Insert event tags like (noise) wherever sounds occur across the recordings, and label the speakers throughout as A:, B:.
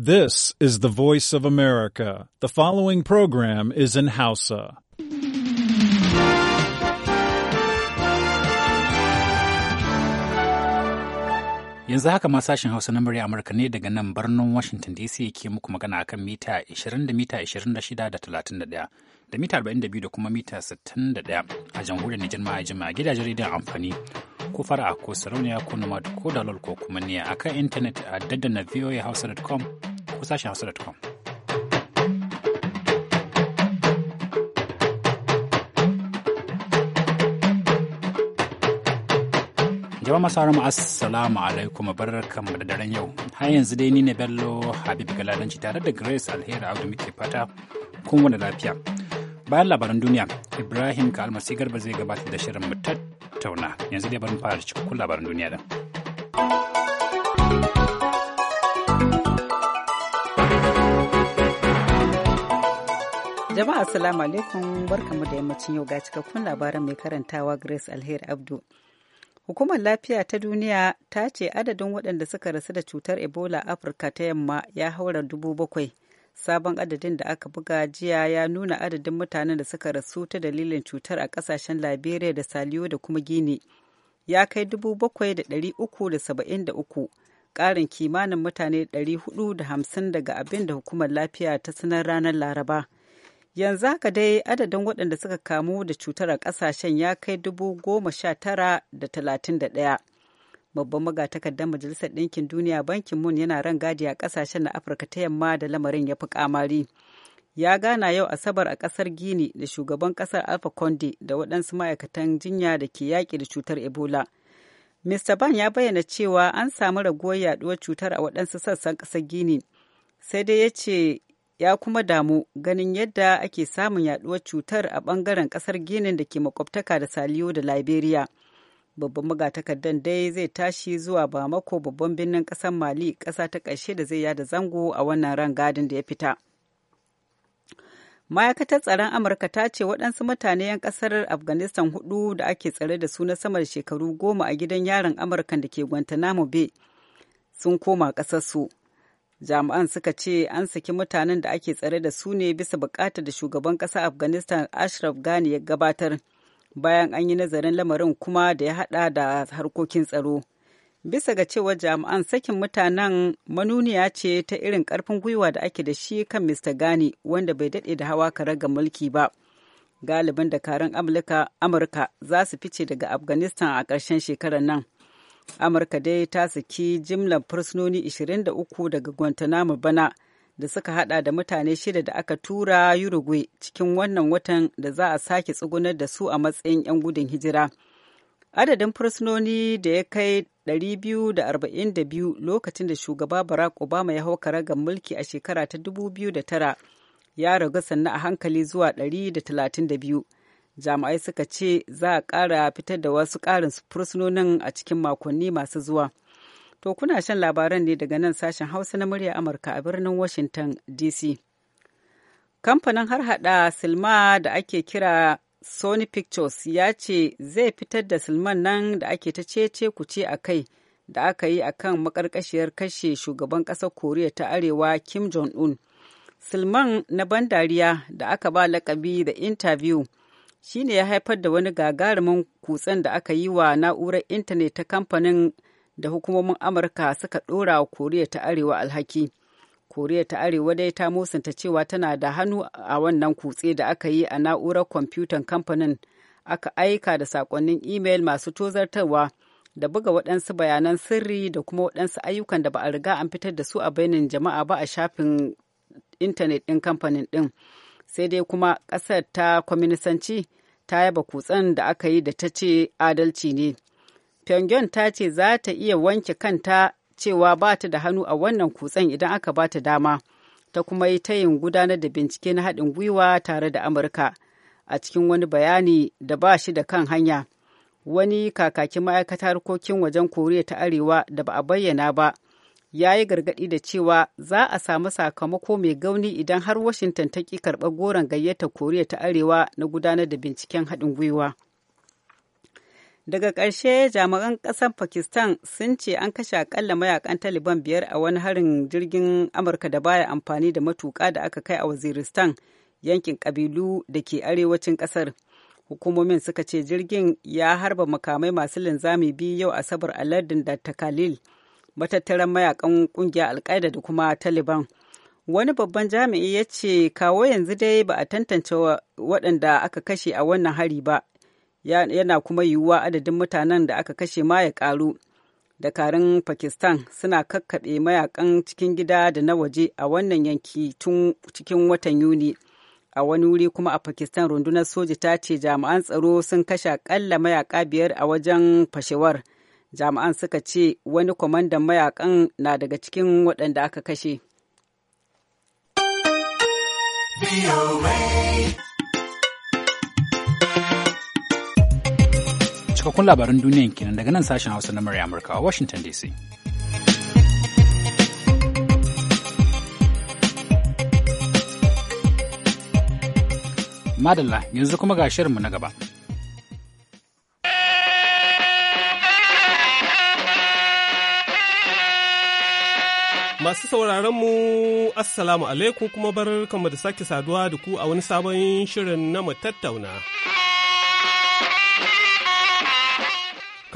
A: This is the voice of America. The following program is in Hausa. Yanzu haka ma sashen Hausa na murya Amurka ne daga nan birnin Washington DC ke muku magana akan mita 20 da mita 26 da 31. da mita 42 da kuma mita 61 a jamhuriyar Nijar ma jima gidajen rediyon amfani ko fara'a ko sarauniya ko nomad ko dalol ko kuma niya kan intanet a daddana voahausa.com ko sashen hausa.com. jama'a masu haramu assalamu alaikum barkan da daren yau har yanzu dai ni ne bello habib galadanci tare da grace alheri audu muke fata kun wani lafiya bayan labaran duniya ibrahim ka almasi garba zai gabatar da shirin mu tattauna yanzu dai barin fara cikakkun labaran duniya da.
B: jama'a assalamu alaikum barkamu da yammacin yau ga cikakkun labaran mai karantawa grace alheri abdu Hukumar Lafiya ta Duniya ta ce adadin waɗanda suka rasu da cutar Ebola Afirka ta Yamma ya haura dubu bakwai sabon adadin da aka buga jiya ya nuna adadin mutanen da suka rasu ta dalilin cutar a kasashen liberia da saliyo da kuma gini ya kai dubu bakwai da da da uku saba'in uku ƙarin kimanin mutane 450 daga abin da hukumar lafiya ta sanar ranar laraba yanzu haka dai adadin waɗanda suka kamu da cutar a ƙasashen ya kai dubu goma sha tara da da talatin ɗaya. babban magatakardar majalisar ɗinkin duniya bankin Mun yana ran gadi a ƙasashen na afirka ta yamma da lamarin ya fi kamari ya gana yau asabar a ƙasar gini da shugaban ƙasar alpha conde da waɗansu ma'aikatan jinya da ke yaƙi da cutar ebola mr ban ya bayyana cewa an samu raguwar yaɗuwar cutar a waɗansu sassan ƙasar gini sai dai ya ce ya kuma damu ganin yadda ake samun yaɗuwar cutar a ɓangaren ƙasar ginin da ke makwabtaka da saliyo da liberia babban magatakardan dai zai tashi zuwa bamako babban birnin ƙasar mali ƙasa ta ƙarshe da zai yada zango a wannan ran gadin da ya fita ma'aikatar tsaron amurka ta ce waɗansu mutane 'yan ƙasar afghanistan hudu da ake tsare da su na sama da shekaru goma a gidan yaron amurka da ke guantanamo bay sun koma su jami'an suka ce an saki mutanen da ake tsare da su ne bisa buƙatar da shugaban ƙasar afghanistan ashraf ghani ya gabatar bayan an yi nazarin lamarin kuma da ya hada da harkokin tsaro bisa ga cewa jami'an sakin mutanen manuniya ce ta irin karfin gwiwa da ake da shi kan mr gani wanda bai daɗe da hawa ga mulki ba galibin dakarun amurka za su fice daga afghanistan a ƙarshen shekarar nan amurka dai ta saki jimlar fursunoni 23 daga guantanamo bana da suka hada da mutane shida da aka tura Uruguay cikin wannan watan da za a sake tsugunar da su a matsayin 'yan gudun hijira. Adadin fursunoni da ya kai 242 lokacin da shugaba Barack Obama ya hau karagar mulki a shekara ta 2009 ya ragu sannan a hankali zuwa 132. jama'ai suka ce za a ƙara fitar da wasu ƙarin fursunonin a cikin makonni masu zuwa. To kuna shan labaran ne daga nan sashen Hausa na murya Amurka a birnin Washington DC. Kamfanin harhaɗa silma da ake kira Sony Pictures ya ce zai fitar da silman nan da ake ta cece kuce a kai da aka yi a kan makarkashiyar kashe shugaban ƙasar Koriya ta Arewa Kim Jong-un. Silman na ban dariya da aka ba lakabi da interview shine ya haifar da wani gagarumin kutsen da aka yi wa na'urar intanet ta kamfanin da hukumomin amurka suka ɗora wa koriya ta arewa alhaki koriya ta arewa dai ta musanta cewa tana da hannu a wannan kutse da aka yi a na'urar kwamfutan kamfanin aka aika da sakonnin imel masu tozartarwa da buga waɗansu bayanan sirri da kuma waɗansu ayyukan da ba a riga an fitar da su a bainin jama'a ba a shafin intanet ɗin kamfanin ɗin sai dai kuma ƙasar ta kwaminisanci ta yaba kutsen da aka yi da ta ce adalci ne Pyongyang ta ce za ta iya wanke kanta cewa ba ta da hannu a wannan kutsen idan aka ba ta dama, ta kuma yi tayin gudanar da bincike na haɗin gwiwa tare da Amurka a cikin wani bayani da ba shi da kan hanya. Wani kakakin ma'aikatar harkokin wajen Koriya ta Arewa da ba a bayyana ba, ya yi gargaɗi da cewa za a samu sakamako mai gauni idan har Washington ta ƙi karɓar goron gayyatar Koriya ta Arewa na gudanar da binciken haɗin gwiwa. daga ƙarshe jami'an ƙasar pakistan sun ce an kashe akalla mayakan taliban biyar a wani harin jirgin amurka da baya amfani da matuƙa da aka kai a waziristan yankin ƙabilu da ke arewacin ƙasar hukumomin suka ce jirgin ya harba makamai masu linzami biyu yau asabar a lardin da takalil matattaran mayakan ƙungiyar alkaida da kuma taliban wani babban jami'i ya ce kawo yanzu dai ba a tantance waɗanda aka kashe a wannan hari ba yana kuma yiwuwa adadin mutanen da aka kashe ma ya da Dakarun Pakistan suna kakkaɓe mayakan cikin gida da na waje a wannan yanki tun cikin watan Yuni. A wani wuri kuma a Pakistan rundunar soja ta ce jami'an tsaro sun kashe akalla mayaka biyar a wajen fashewar. Jami'an suka ce wani kwamandan mayakan na daga cikin waɗanda aka kashe.
A: cikakkun labarin duniyan kenan daga nan sashen Hausa na murya Amurka a Washington DC. Madalla yanzu kuma ga shirinmu na gaba.
C: Masu sauraron mu Assalamu alaikum kuma bar da sake saduwa da ku a wani sabon shirin na mu tattauna.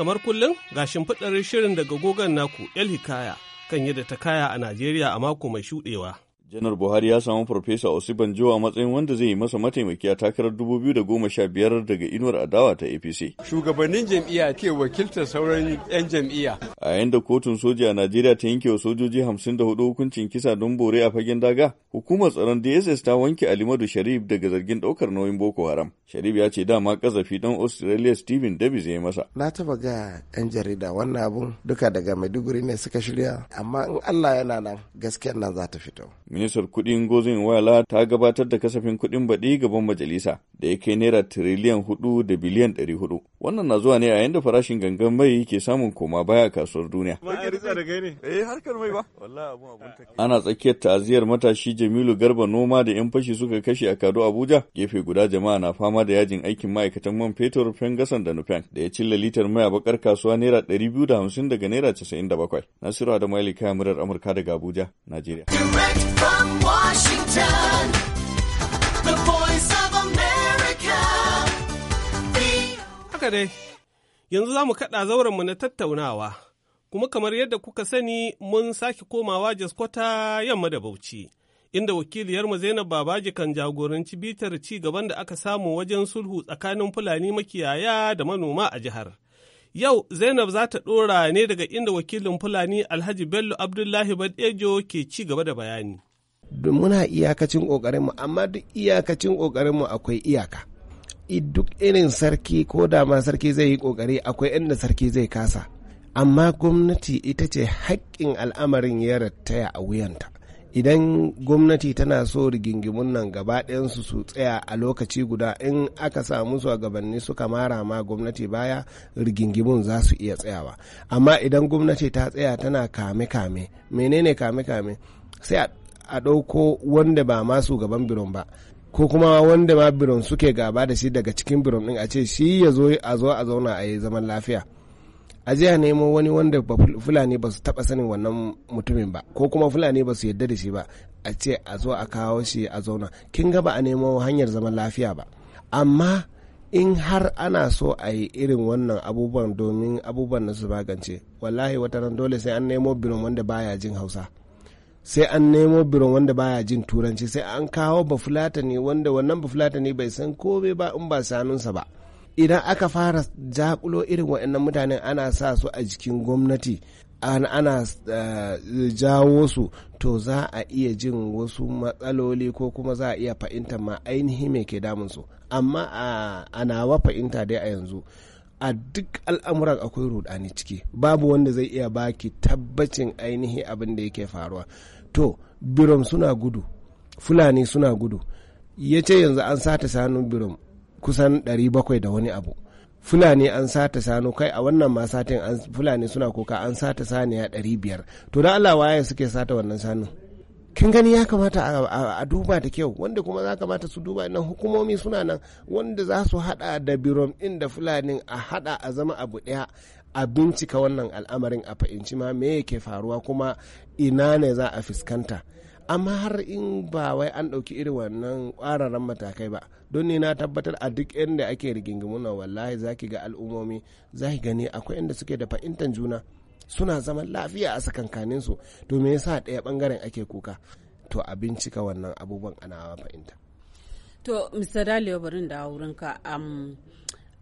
C: kamar kullum ga shimfiɗar shirin daga gogon naku El Hikaya kan yadda ta kaya a Najeriya a mako mai shuɗewa.
D: janar buhari ya samu farfesa osibanjo a matsayin wanda zai yi masa mataimaki a takarar 2015 daga inuwar adawa ta apc
E: shugabannin jam'iyya ke wakiltar sauran
D: 'yan jam'iyya a yayin da kotun soja a najeriya ta yanke wa sojoji 54 hukuncin kisa don bore a fagen daga hukumar tsaron dss ta wanke alimadu sharif daga zargin daukar nauyin boko haram sharif ya ce dama kazafi dan australia stephen davis ya yi masa
F: na taba ga 'yan jarida wannan abun duka daga maiduguri ne suka shirya amma in allah yana nan gaskiyar nan za
D: ta fito majalisar kuɗin gozin wala ta gabatar da kasafin kudin baɗi gaban majalisa da ya kai naira tiriliyan hudu da biliyan ɗari hudu wannan na zuwa ne a yayin da farashin gangan mai ke samun koma baya kasuwar duniya eh, ana tsakiyar ta'aziyar matashi jamilu garba noma da yan fashi suka kashe a kado abuja gefe guda jama'a na fama da yajin aikin ma'aikatan man fetur fengasan da nufen da ya cilla litar mai a bakar kasuwa naira ɗari biyu da hamsin daga naira casa'in da bakwai nasiru da mailika murar amurka daga abuja najeriya from
G: Washington, the voice of
C: yanzu za mu kaɗa zaurenmu na tattaunawa. Kuma kamar yadda kuka sani mun sake komawa jaskwata yamma da Bauchi, inda wakiliyarmu Zainab Babaji kan jagoranci bitar ci gaban da aka samu wajen sulhu tsakanin Fulani makiyaya da manoma a jihar. Yau Zainab za ta ɗora ne daga inda wakilin Fulani Alhaji Bello Abdullahi Badejo ke ci gaba da bayani.
F: muna iyakacin ƙoƙarinmu amma duk iyakacin ƙoƙarinmu akwai iyaka duk irin sarki ko da ma sarki zai yi ƙoƙari akwai inda sarki zai kasa amma gwamnati ita ce haƙƙin al'amarin ya rattaya a wuyanta idan gwamnati tana so rigingimun nan gaba ɗayansu su tsaya a lokaci guda in aka samu su a gabanni suka mara ma gwamnati baya rigingimun za su iya tsayawa amma idan gwamnati ta tsaya tana kame-kame menene kame-kame sai a a ɗauko wanda ba ma gaban biron ba ko kuma wanda ma biron suke gaba da shi daga cikin biron din a ce shi ya zo a zo a zauna a yi zaman lafiya a jiya nemo wani wanda fulani ba su taɓa sanin wannan mutumin ba ko kuma fulani ba su yadda da shi ba a ce a zo a kawo shi a zauna kin ga ba a nemo hanyar zaman lafiya ba amma in har ana so a yi irin wannan abubuwan domin abubuwan na su magance wallahi wata ran dole sai an nemo birin wanda baya jin hausa sai an nemo biron wanda baya jin turanci sai an kawo bafulata ne wanda wannan bafulata ne bai san kome ba in ba sanunsa ba idan aka fara jakulo irin waɗannan mutanen ana sa su a jikin gwamnati an ana eh, jawo su to za a iya jin wasu matsaloli ko kuma za a iya fahimtar ma ainihi mai ke damunsu amma a nawa fahimta dai a yanzu a duk al'amuran akwai rudani ciki babu wanda zai iya baki tabbacin ainihi abin da yake faruwa to birom suna gudu fulani suna gudu ya ce yanzu an sata sanu birom kusan 700 da wani abu fulani an sata sanu kai a wannan ma fulani suna kuka an sata saniya 500 to da allah waye suke sata wannan sanu kin gani ya kamata a duba da kyau wanda kuma za kamata su duba nan hukumomi suna nan wanda za su hada da birom din da fulani a hada a zama abu daya a bincika wannan al'amarin a fahimci ma me yake faruwa kuma ina ne za a fuskanta amma har in ba wai an ɗauki irin wannan ƙwararren matakai ba don ni na tabbatar a duk inda ake rigingimu na wallahi zaki ga al'ummomi zaki gani akwai inda suke da fahimtar juna suna zaman lafiya a sakankanin su domin ya yasa ɗaya bangaren ake kuka to a bincika wannan abubuwan ana fahimta
B: to mr daliyo barin da wurinka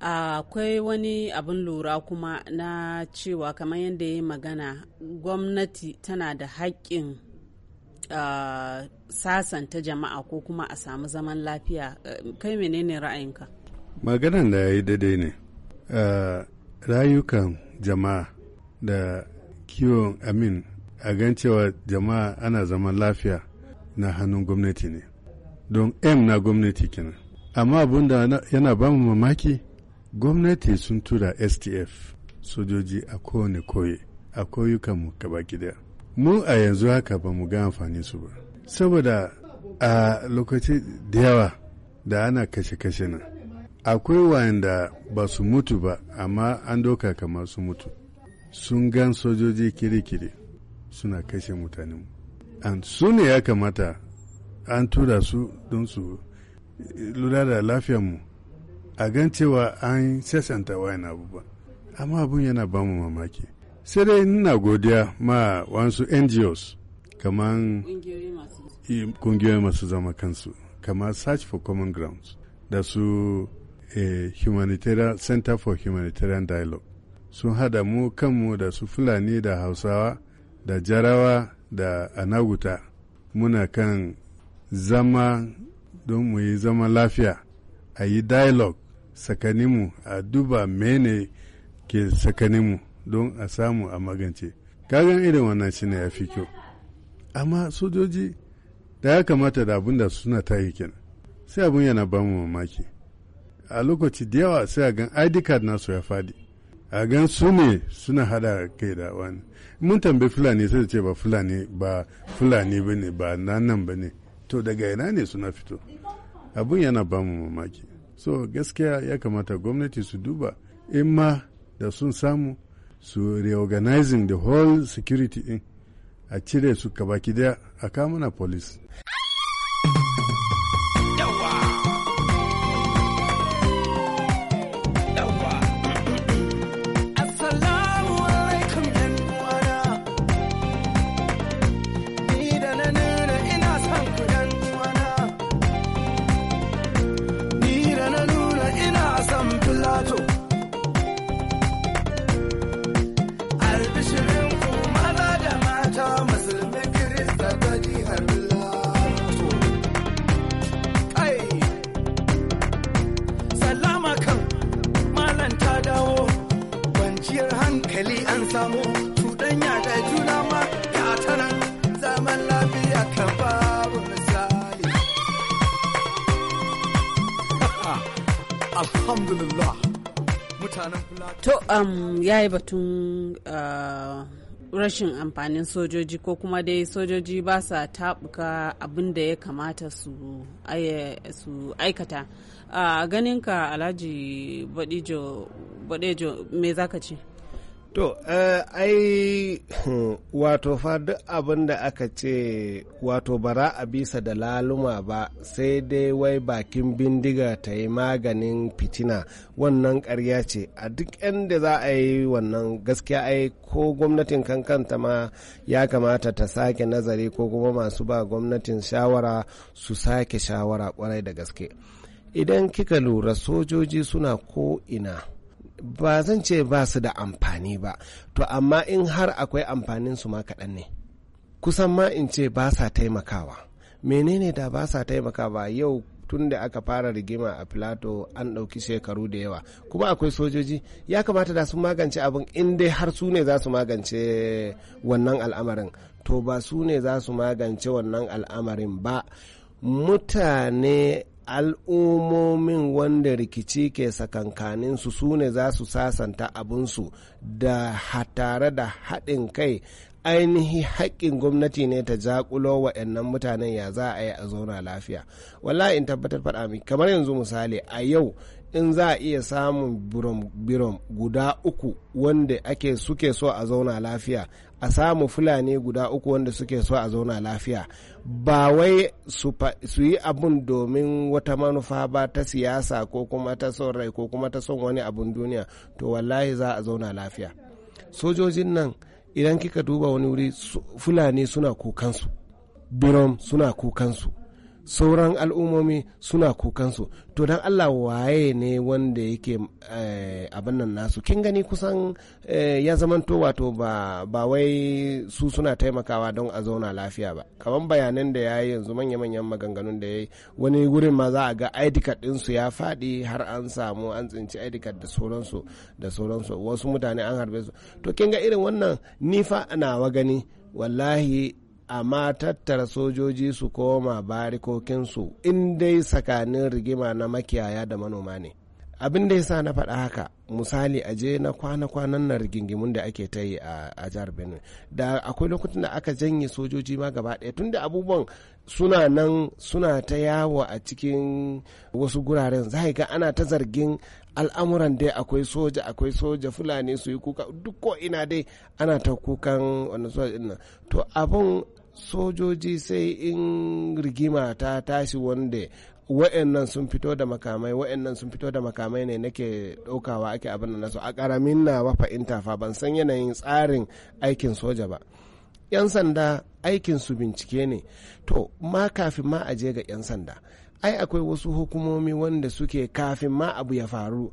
B: akwai wani abin lura kuma na cewa kamar yadda ya yi magana gwamnati tana da haƙƙin sasanta jama'a ko kuma a samu zaman lafiya kai menene ra'ayinka
E: maganan da ya yi daidai ne rayukan jama'a da kiwon amin a gan cewa jama'a ana zaman lafiya na hannun gwamnati ne don m na gwamnati kenan amma abin da yana ba mu mamaki gwamnati sun tura stf sojoji a kowane koye a koyukanmu baki daya mu a yanzu haka ba mu ga amfani su ba saboda a lokaci da yawa da ana kashe-kashe nan akwai wayanda ba su mutu ba amma an doka kamar su mutu sun gan sojoji kiri-kiri suna kashe mutanenmu su ne ya kamata an tura su don su lura da lafiyarmu a gan cewa an sasanta wayan abubuwa amma abun yana ba mu mamaki sai dai na godiya ma wasu ngos kamar kungiyoyi masu zama kansu kamar search for common grounds da su eh, humanitarian center for humanitarian dialogue sun hada mu kanmu da su fulani da hausawa da jarawa da anaguta muna kan zama don mu yi zama lafiya a yi dialogue tsakaninmu a duba mene ke tsakaninmu don a samu a magance kagan irin wannan shine ya fi kyau amma sojoji da ya kamata da abinda da suna yi kenan sai abin yana ba mu mamaki a lokaci da yawa sai a gan id card nasu ya fadi a gan su ne suna hada kai da wani mun tambayi fulani sai ce ba fulani ba fulani ba ne ba nan ba ne to daga ina ne suna fito abun yana ba mu mamaki so gaskiya ya kamata gwamnati su duba in ma da sun samu su reorganizing the whole security in a cire su kabaki daya a kamuna police
F: samu juna ma zaman lafiya
G: babu
B: To um, ya yi batun uh, rashin amfanin sojoji ko kuma dai sojoji ba sa taɓuka abin da ya kamata su aikata. a uh, ganinka alhaji badejo me zaka ce To,
F: eh, ai, (clears throat) wato fa duk abin da aka ce wato bara a bisa da laluma ba sai dai wai bakin bindiga ta yi maganin fitina wannan karya ce a duk inda za a yi wannan gaskiya ai ko gwamnatin kankanta ma ya kamata ta sake nazari ko kuma masu ba gwamnatin shawara su sake shawara kwarai da gaske. Idan kika lura sojoji suna ko ina. ba zan ce ba su da amfani ba to amma in har akwai amfanin su ma kaɗan ne kusan ma in ce ba sa taimakawa menene da ba sa taimakawa yau tun da aka fara rigima a filato an ɗauki shekaru da yawa kuma akwai sojoji ya kamata da su magance abin in dai har su ne za su magance wannan al'amarin to ba su ne za su magance wannan al'amarin ba mutane al'ummomin wanda rikici ke sakankaninsu su sune za su sasanta abinsu da tare da haɗin kai ainihi haƙƙin gwamnati ne ta wa waɗannan mutanen ya za a yi a zauna lafiya wallahi in tabbatar faɗa mi kamar yanzu misali a yau in za a iya samun birom guda uku wanda ake suke so a zauna lafiya a samu fulani guda uku wanda suke so a zauna lafiya ba wai su yi abun domin wata manufa ba ta siyasa ko kuma ta son rai ko kuma ta son wani abun duniya to wallahi za a zauna lafiya sojojin nan idan kika duba wani wuri fulani suna kukansu birom suna kukansu sauran al'ummomi suna kukansu to don allah waye ne wanda yake eh, abin nan nasu kin gani kusan eh, ya zamanto wato ba wai su suna taimakawa don a zauna lafiya ba kamar bayanan da ya yi yanzu manya-manyan maganganun da ya yi wani wurin ma za a ga aidikat ɗinsu ya faɗi har an samu an tsinci aidikat da sauransu da sauransu wasu mutane an harbe su to kin ga irin wannan nifa nawa gani wallahi amma tattara sojoji su koma barikokinsu in dai tsakanin rigima na makiyaya da manoma ne abin da yasa na faɗa haka misali a je na kwana-kwanan na rigingimun da ake ta yi a jihar benin da akwai lokutan da aka janye sojoji ma gaba ɗaya tunda abubuwan suna nan suna ta yawo a cikin wasu guraren za ga ana ta zargin al'amuran dai akwai soja akwai soja fulani su yi kuka duk ko ina dai ana ta kukan wani soja to abun sojoji sai in rigima ta tashi wanda wa'annan sun fito da makamai wa'annan sun fito da makamai ne nake ɗaukawa ake abin nasu a ƙaramin nawa wafa fa ban san yanayin tsarin aikin soja ba 'yan sanda aikin su bincike ne to ma kafin ma a je ga 'yan sanda ai akwai wasu hukumomi wanda suke kafin ma abu ya faru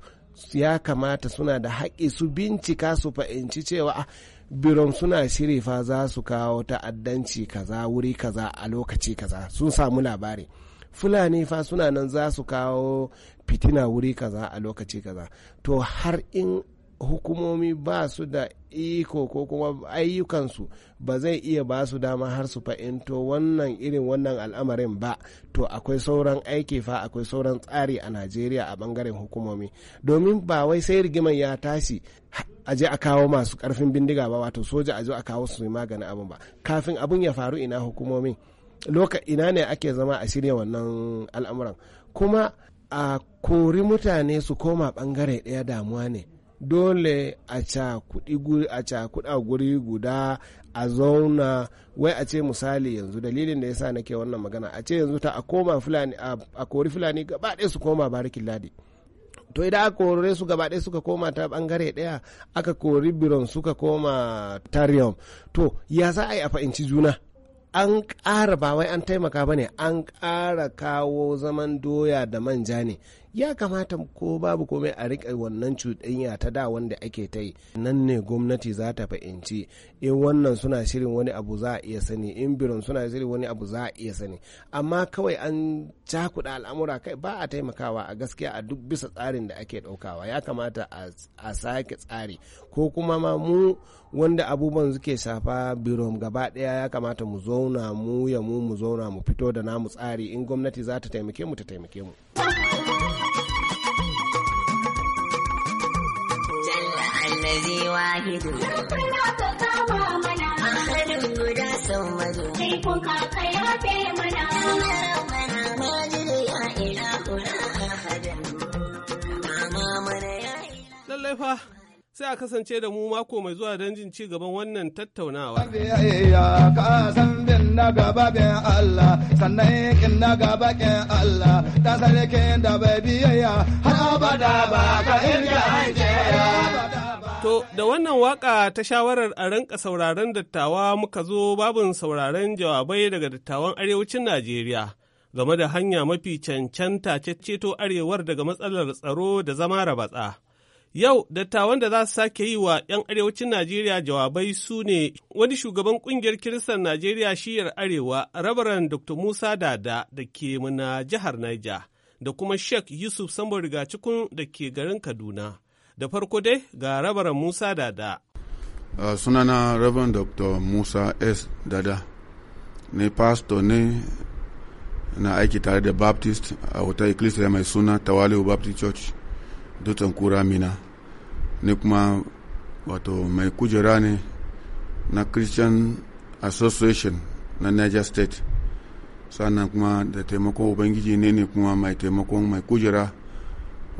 F: ya kamata suna da haƙƙi su bincika su fahimci cewa ah, biron suna shiri fa za su kawo ta'addanci kaza wuri kaza a lokaci kaza sun samu labari fulani fa suna nan za su kawo fitina wuri kaza a lokaci kaza to har in hukumomi ba su da iko ko kuma ayyukansu ba zai iya ba su dama har su fa'into wannan irin wannan al'amarin ba to akwai sauran aiki fa akwai sauran tsari a najeriya a bangaren hukumomi domin ba wai sai rigiman ya tashi a je a kawo masu karfin bindiga ba wato soja a zo a kawo su magani abin ba kafin abin ya faru ina hukumomin loka ina ne ake zama a shirya wannan al'amuran kuma a kori mutane su koma bangare ɗaya damuwa ne dole a a cakuɗa guri guda a zauna wai a ce misali yanzu dalilin da yasa nake wannan magana a ce yanzu ta a koma fulani a kori fulani gaba ɗaya su koma barikin ladi to idan aka kore su gaba ɗaya suka koma ta bangare ɗaya aka kori biron suka koma tarium to ya za a yi a fahimci juna an ƙara ba wai an taimaka ba ne an ƙara kawo zaman doya da manja ne ya kamata ko babu komai a riƙe wannan cuɗanya ta da wanda ake ta yi nan ne gwamnati za ta fahimci in wannan suna shirin wani abu za a iya sani in biron suna shirin wani abu za a iya sani amma kawai an cakuɗa al'amura kai ba a taimakawa a gaskiya a duk bisa tsarin da ake ɗaukawa ya kamata a sake tsari ko kuma ma mu wanda abubuwan suke shafa birom gaba daya ya kamata mu zauna mu ya mu mu zauna mu fito da namu tsari in gwamnati za ta taimake mu ta taimake mu
C: sai a kasance da mu mako mai zuwa don jin ci gaban wannan tattaunawa. To, da wannan waka ta shawarar a ranka sauraron dattawa muka zo babin sauraron jawabai daga dattawan arewacin Najeriya game da hanya mafi cancanta ce ceto arewar daga matsalar tsaro da zama rabatsa. Yau, dattawan da za su sake yi wa 'yan arewacin Najeriya jawabai su ne wani shugaban ƙungiyar Kiristan Najeriya shiyar Arewa, Rabaran Dr. Musa Dada da ke muna jihar Naija, da kuma Sheikh Yusuf Sambo Rigacikun da ke garin Kaduna. Da farko dai ga Rabaran Musa Dada.
H: Uh, sunana Rabaran Dr. Musa S. Dada, ne pastor ne na aiki tare da Baptist a wata mai suna tawali Baptist Church. dutsen kura mina ni kuma wato mai kujera ne na christian association na niger state sannan kuma da taimakon ubangiji ne ne kuma mai taimakon mai kujera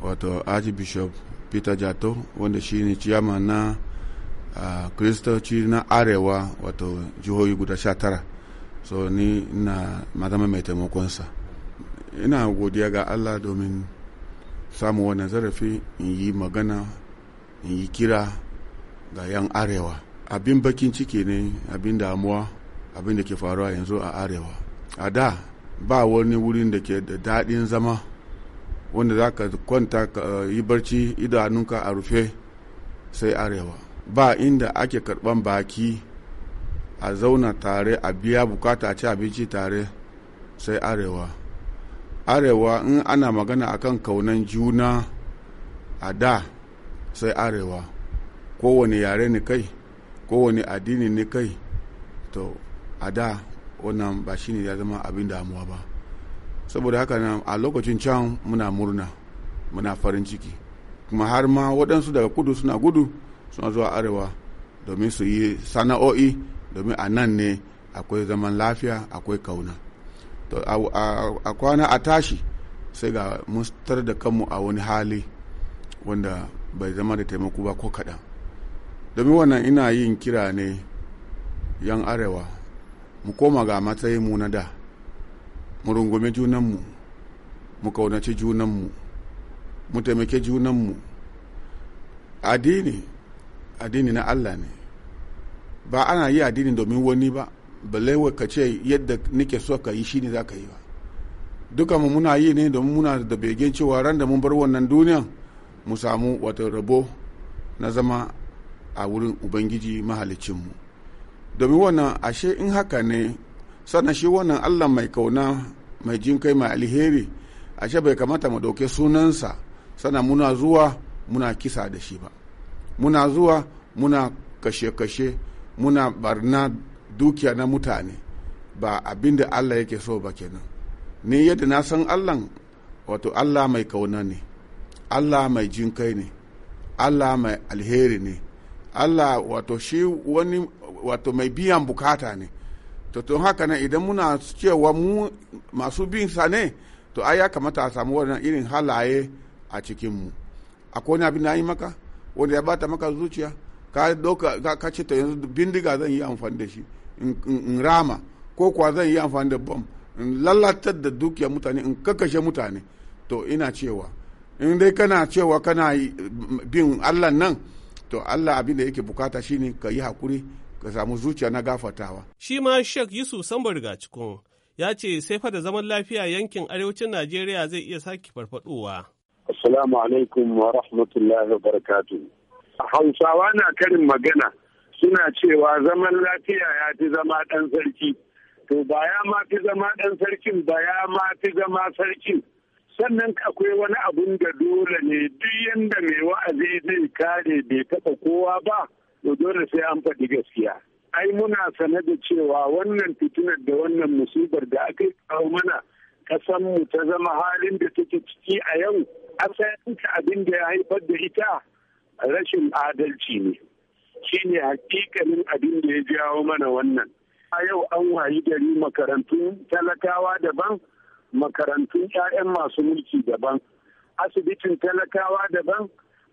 H: wato archbishop peter jato wanda shi ne ciyama na kristoci na arewa wato jihohi guda sha tara so ni na madama mai taimakonsa ina godiya ga allah domin samu wani zarafi in yi magana in yi kira ga 'yan arewa abin bakin ciki ne abin damuwa abin da ke faruwa yanzu a arewa a da ba wani wurin da ke da daɗin zama wanda za ka kwanta ka eh, yi barci idanunka a rufe sai arewa ba inda ake karɓan baki a zauna tare a biya bukata a ci abinci tare sai arewa arewa in ana magana akan kaunan juna a da sai arewa kowane yare ni kai kowane addini ni kai to a da wannan ba shine ya zama abin damuwa ba saboda haka nan a lokacin can muna murna muna farin ciki kuma har ma waɗansu daga kudu suna gudu suna zuwa arewa domin su yi sana'o'i domin a nan ne akwai zaman lafiya akwai kauna a kwana a tashi sai ga mun da kanmu a wani hali wanda bai zama da taimako ba ko kaɗan domin wannan ina yin kira ne yan arewa mu koma ga matsayinmu na da mu rungume junanmu mu kaunaci junanmu mu taimake junanmu addini addini na allah ne ba ana yi addini domin wani ba balewa ka ce yadda nike so ka yi shi ne za ka yi ba duka mu muna yi ne domin muna da begen cewa ran da mun bar wannan duniyan mu samu wata rabo na zama a wurin ubangiji mahalicinmu domin wannan ashe in haka ne sannan shi wannan allah mai kauna mai jinkai mai alheri ashe bai kamata mu dauke sunansa sannan muna zuwa muna kisa da shi ba muna zuwa muna kashe-kashe muna barna dukiya na mutane ba abin da Allah yake so ba kenan ni yadda na san Allah wato Allah mai kauna ne Allah mai jin kai ne Allah mai alheri ne Allah wato shi wani wato mai biyan bukata ne to to haka nan idan muna cewa mu masu bin sa ne to ai ya kamata a samu wannan irin halaye a cikin mu akwai wani abin da yi maka wanda ya bata maka zuciya ka ce to yanzu bindiga zan yi amfani da shi in rama ko kuwa zan yi amfani da bom in lalatar da dukiyar mutane in kakashe mutane to ina cewa in dai kana cewa kana bin allah nan to allah abin da yake bukata shine ka yi hakuri ka samu zuciya na gafatawa
C: shi ma shek yusuf sambar cikin ya ce sai fa da zaman lafiya yankin arewacin najeriya zai iya sake farfadowa
H: assalamu
G: alaikum wa rahmatullahi wa barakatuh hausawa na karin magana suna cewa zaman lafiya ya fi zama ɗan sarki to ba ya ma fi zama ɗan sarkin ba ya ma fi zama sarkin sannan akwai wani abun da dole ne duk yadda mai wa'azi zai kare bai taɓa kowa ba to dole sai an faɗi gaskiya ai muna sane da cewa wannan fitinar da wannan musibar da aka yi mana mu ta zama halin da take ciki a yau asalin abin da ya haifar da ita rashin adalci ne Shi ne hakikanin abin da ya jawo mana wannan a yau an wayi gari makarantun talakawa daban makarantun 'ya'yan masu mulki daban asibitin talakawa daban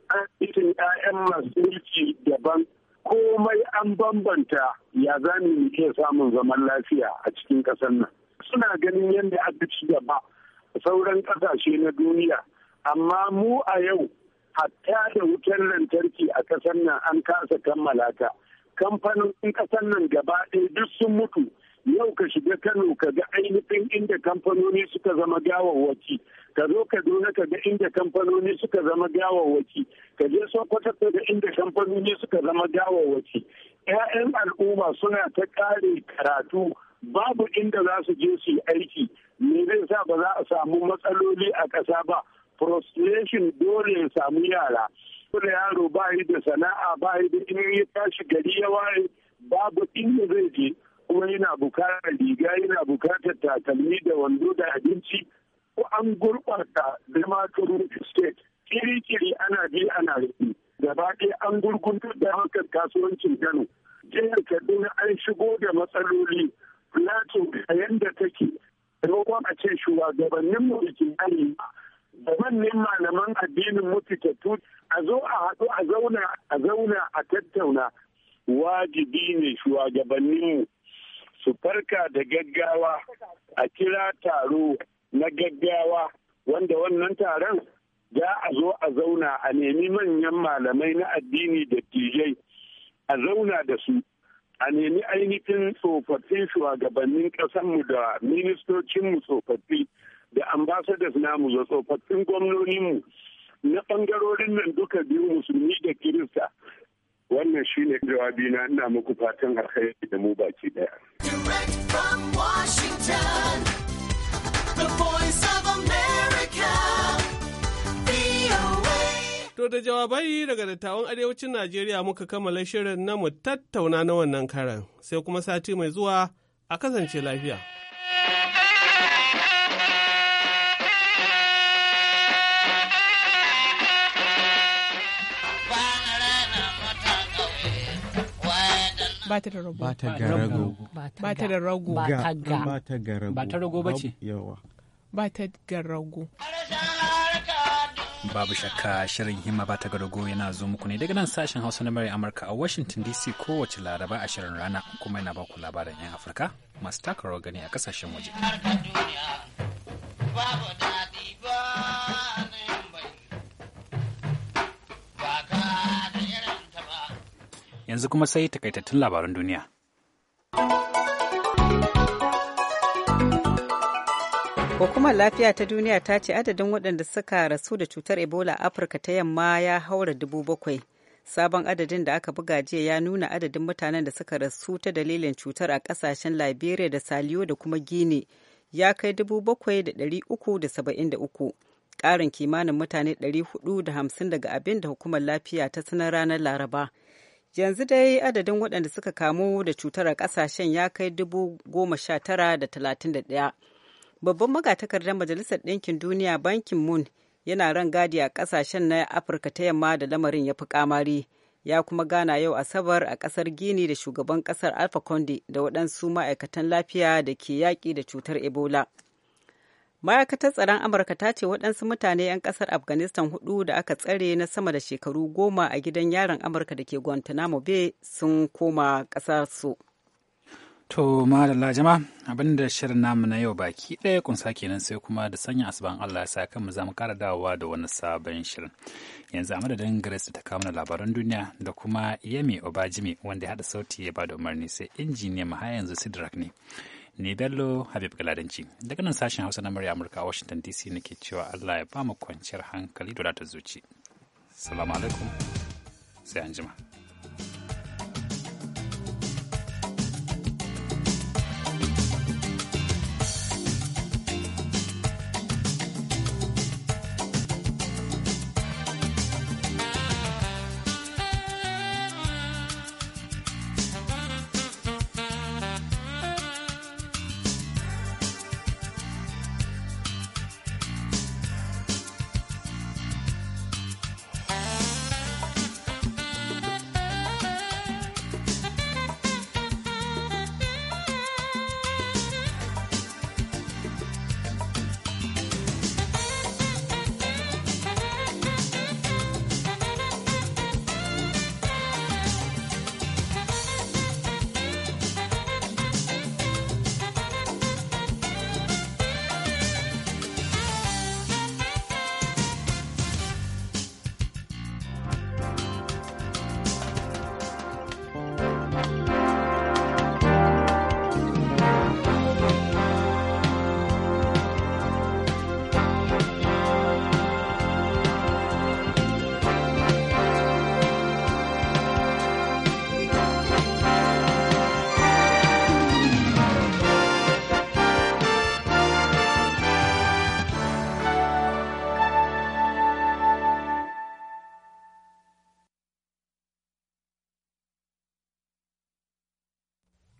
G: asibitin 'ya'yan masu mulki daban komai an bambanta ya zami mu iya samun zaman lafiya a cikin ƙasar nan suna ganin yadda aka ci gaba sauran ƙasashe na duniya amma mu a yau hatta da wutar lantarki a ƙasar nan an kasa kammala ta kamfanonin ƙasar nan gaba ɗaya duk sun mutu yau ka shiga kano ka ga ainihin inda kamfanoni suka zama gawawwaki ka zo kaduna ka ga inda kamfanoni suka zama gawawwaki ka je sokoto ka ga inda kamfanoni suka zama gawawwaki 'ya'yan al'umma suna ta ƙare karatu babu inda za su je su yi aiki me zai sa ba za a samu matsaloli a ƙasa ba prostration dole ya samu yara kuma yaro ba yi da sana'a ba yi da in ya tashi gari ya waye babu inda zai je kuma yana bukatar riga yana bukatar takalmi da wando da abinci ko an gurɓata zama state kiri-kiri ana bi ana rufi gaba ɗaya an gurgunta da haka kasuwancin kano jihar kaduna an shigo da matsaloli plateau a yadda take kuma a ce shugabanninmu da ke arewa da ne malaman addinin mu a zo a haɗu a zauna a zauna a tattauna wajibi ne shugabanninmu su farka da gaggawa a kira taro na gaggawa wanda wannan taron za a zo a zauna a nemi manyan malamai na addini da tijai a zauna da su a nemi ainihin tsofaffin shugabannin ƙasanmu da ministocinmu tsofaffi da ambassadors namu da tsofaffin mu na ɓangarorin nan duka biyu musulmi da kirista wannan shi ne jawabi na ina muku fatan alkhairi da mu baki daya
C: To da jawabai daga dattawan arewacin Najeriya muka kammala shirin na mu tattauna na wannan karan sai kuma sati mai zuwa a kasance lafiya. ba ta da rago ba ta ga rago ba da ba ga ba ga
A: Babu shakka shirin himma ba ta garago yana zo muku ne daga nan sashen Hausa na Mary Amurka a Washington DC kowace Laraba a shirin rana kuma yana baku labaran 'yan Afirka masu taka rawar gani a kasashen waje. yanzu kuma sai takaitattun labaran duniya.
B: Hukumar lafiya ta duniya ta ce adadin waɗanda suka rasu da cutar Ebola a Afirka ta yamma ya haura dubu bakwai. Sabon adadin da aka buga jiya ya nuna adadin mutanen da suka rasu ta dalilin cutar a ƙasashen Liberia da Saliyo da kuma gini ya kai dubu bakwai da ɗari uku da saba'in da uku. Ƙarin kimanin mutane ɗari hudu da hamsin daga abin da hukumar lafiya ta sanar ranar Laraba. Yanzu dai adadin waɗanda suka kamu da cutar a ƙasashen ya kai dubu goma sha tara da talatin da ɗaya. Babban magatakardar Majalisar Ɗinkin Duniya Bankin Moon yana ran gadi a ƙasashen na Afirka ta yamma da lamarin ya fi kamari. Ya kuma gana yau Asabar a ƙasar Gini da shugaban ƙasar Alpha Conde da waɗansu ma'aikatan lafiya da ke yaƙi da cutar Ebola. ma'aikatar tsaron amurka ta ce waɗansu mutane 'yan ƙasar afghanistan hudu da aka tsare na sama da shekaru goma a gidan yaron amurka da ke guantanamo bay sun koma ƙasar su to madalla jama
A: abin da shirin namu na yau baki ɗaya kunsa kenan sai kuma da sanya asuban allah ya sa mu za mu kara dawowa da wani sabon shirin yanzu a madadin grace ta kawo labaran duniya da kuma yemi obajimi wanda ya haɗa sauti ya ba da umarni sai injiniya ma yanzu sidrak ne ne Bello Habib Galadanci. Daga nan sashen Hausa na murya Amurka a Washington DC nake cewa Allah ya ba mu kwanciyar hankali da ta zuci. Salamu alaikum. Sai anjima.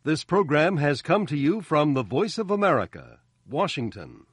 B: This program has come to you from the Voice of America, Washington.